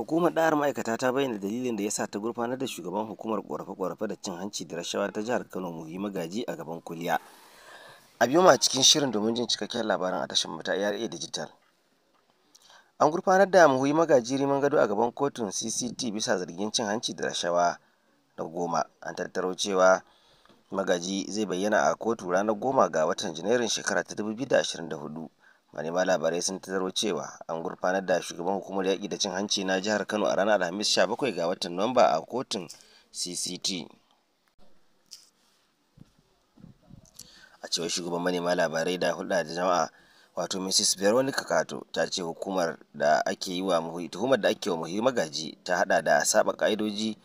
Hukumar ɗa'ar ma'aikata ta bayyana dalilin da ya sa ta gurfanar da shugaban hukumar ƙorafe-ƙorafe da cin hanci da rashawa ta jihar Kano Muhi Magaji a gaban kuliya. A biyo ma cikin shirin domin jin cikakken labarin a tashar mata a Digital. An gurfanar da Muhi Magaji Riman Gado a gaban kotun CCT bisa zargin cin hanci da rashawa na goma. An tattaro cewa Magaji zai bayyana a kotu ranar goma ga watan Janairun shekara ta dubu biyu da da ashirin hudu. manema labarai sun tattaro cewa an gurfanar da shugaban hukumar yaƙi da cin hanci na jihar kano a ranar alhamis sha 17 ga watan nuwamba a kotun cct a cewar shugaban manema labarai da hulɗa da jama'a wato mrs veronica kato ta ce hukumar da ake yi wa tuhumar da ake wa muhi magaji ta hada da saba ka'idoji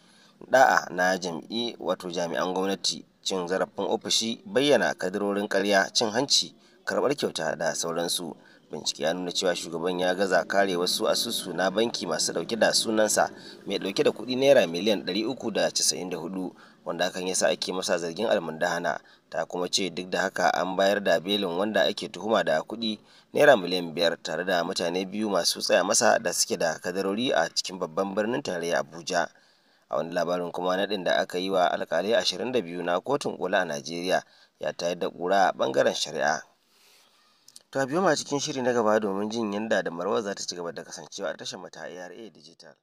da'a na jam'i wato jami'an gwamnati cin zarafin ofishi bayyana kadirorin karya cin hanci karbar kyauta da sauransu bincike ya nuna cewa shugaban ya gaza kare wasu asusu na banki masu dauke da sunansa mai dauke da kudi naira miliyan 394 wanda hakan ya sa ake masa zargin almundahana ta kuma ce duk da haka an bayar da belin wanda ake tuhuma da kudi naira miliyan biyar tare da mutane biyu masu tsaya masa da suke da kadarori a cikin babban birnin tarayya abuja a wani labarin kuma naɗin da aka yi wa alkalai 22 na kotun kula a najeriya ya tayar da kura a bangaren shari'a To a biyo ma cikin shiri na gaba domin jin yadda da Marwa za ta ci gaba da kasancewa a tashar mu ARA Digital.